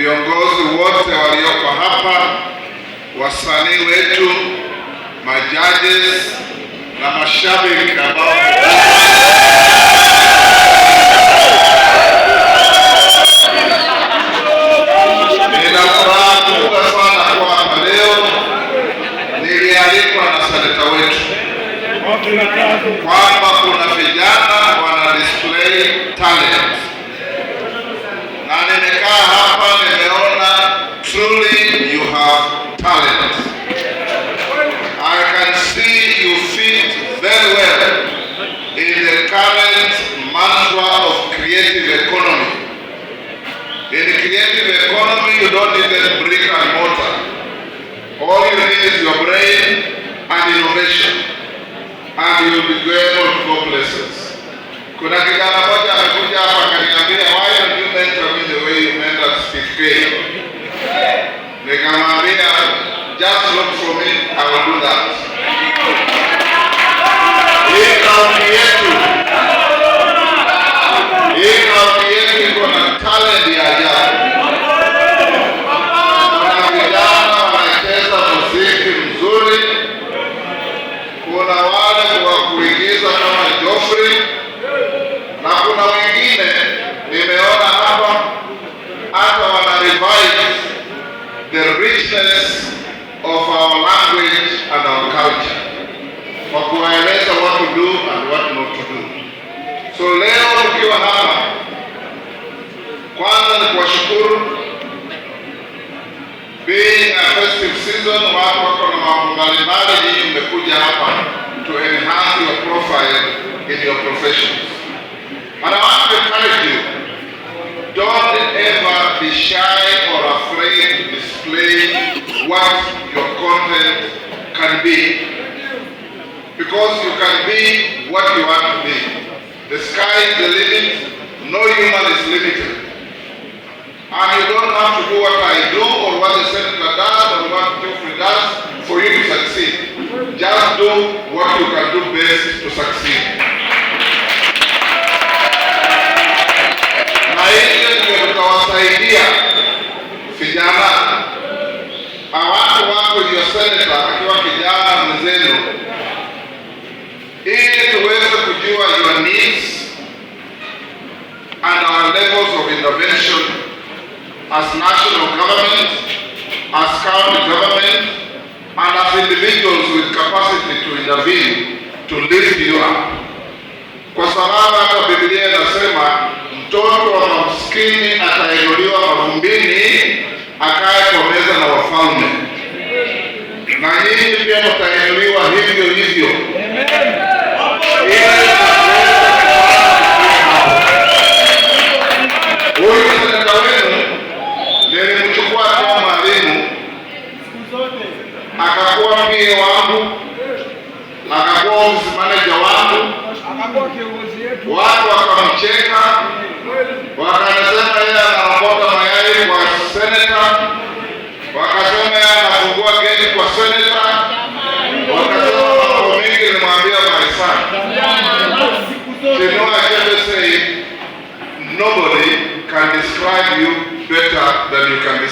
viongozi wote walioko hapa, wasanii wetu, majaji na mashabiki ambao have talent. I can see you fit very well in the current mantra of creative economy. In the creative economy, you don't need brick and mortar. All you need is your brain and innovation. And you'll be going to go places. Kuna kikana just look for me, I will do that. richness of our language and our culture, kwa kuwaeleza what to do and what not to do. So leo tukiwa hapa, kwanza ni kuwashukuru, being a festive season, watu wako na mambo mbalimbali, nyinyi mmekuja hapa to enhance your profile in your profession, and I want to encourage you be because you can be what you want to be. The sky is the limit, no human is limited. And you don't have to do what I do or what the senator does or what Geoffrey does for you to succeed. Just do what you can do best to succeed. dereva akiwa kijana mwenzenu, ili tuweze kujua your needs and our levels of intervention as national government, as county government and as individuals with capacity to intervene to lift you up, kwa sababu hata Biblia inasema mtoto wa maskini atainuliwa mavumbini, akae kwa meza na wafalme na nyinyi pia mtainuliwa hivyo hivyo. Huyu sadaka wenu nilimchukua kama mwalimu, akakuwa mie wangu, akakuwa msimanaja wangu, watu wakamcheka, wakanasema yeye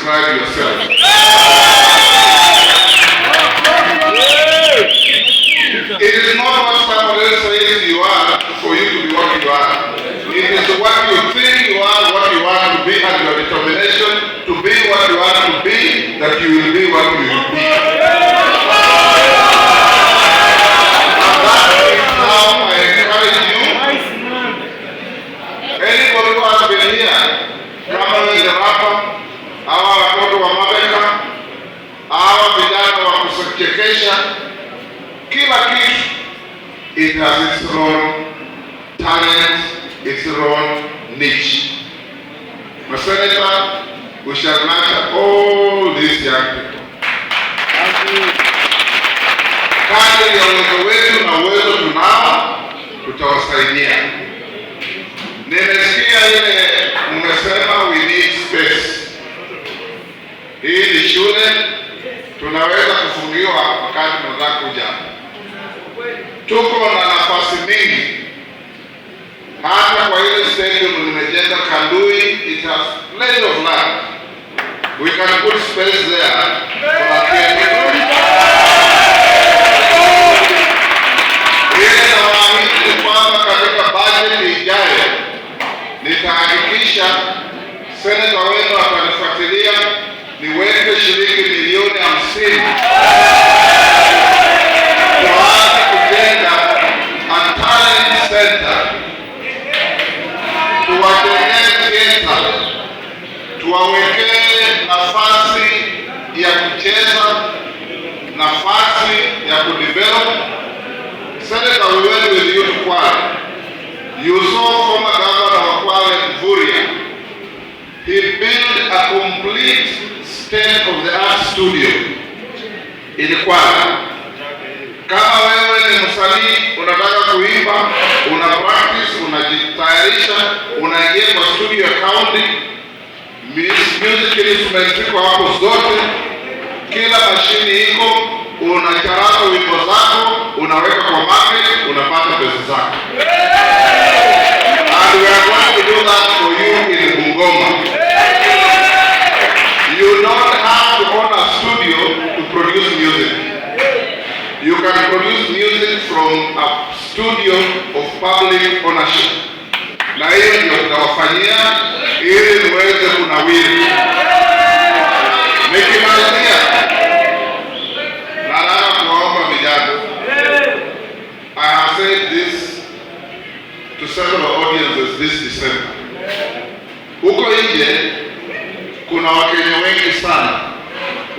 describe yourself. It is not what somebody says you are for you to be what you are. It is what you think you are, what you want to be, and your determination to be what you are to be, that you will be what you we shall master all these young people. Kadri ya uwezo wetu na uwezo tunao, tutawasaidia. Nimesikia ile mmesema we need space. Hii ni shule, tunaweza kufungiwa wakati mnataka kuja. Tuko na nafasi mingi, hata kwa ile stadium nimejenga Kandui, it has plenty of land We can put space there for our You saw former governor of Kwale, Vuria. He built a complete state-of-the-art studio in Kwale. Kama wewe ni msanii unataka kuimba, una practice, unajitayarisha, unaingia kwa studio ya county, music instruments ziko hapo zote, kila mashini iko, unacharaka wimbo unaweka kwa magnet, unapata pesa zako. Wakenya wengi sana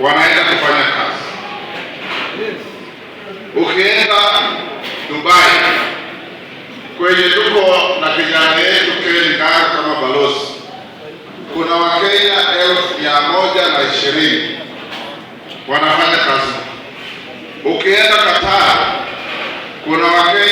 wanaenda kufanya kazi. Ukienda Dubai kwenye tuko na kijana yetu Ken Ngara kama balozi, kuna Wakenya elfu mia moja na ishirini wanafanya kazi. Ukienda Qatar kuna Wakenya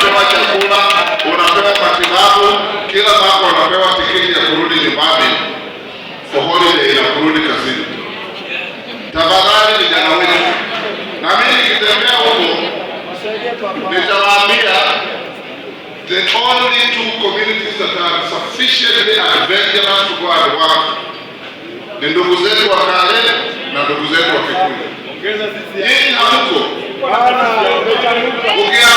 unapewa chakula, unapewa matibabu, kila mwaka unapewa tiketi ya kurudi nyumbani for holiday ya kurudi kazini. Tafadhali vijana wetu, na mimi nikitembea huko nitawaambia the only two communities that are sufficiently adventurous to go and work ni ndugu zetu wa Kale na ndugu zetu wa Kikuyu. Nyinyi hamko.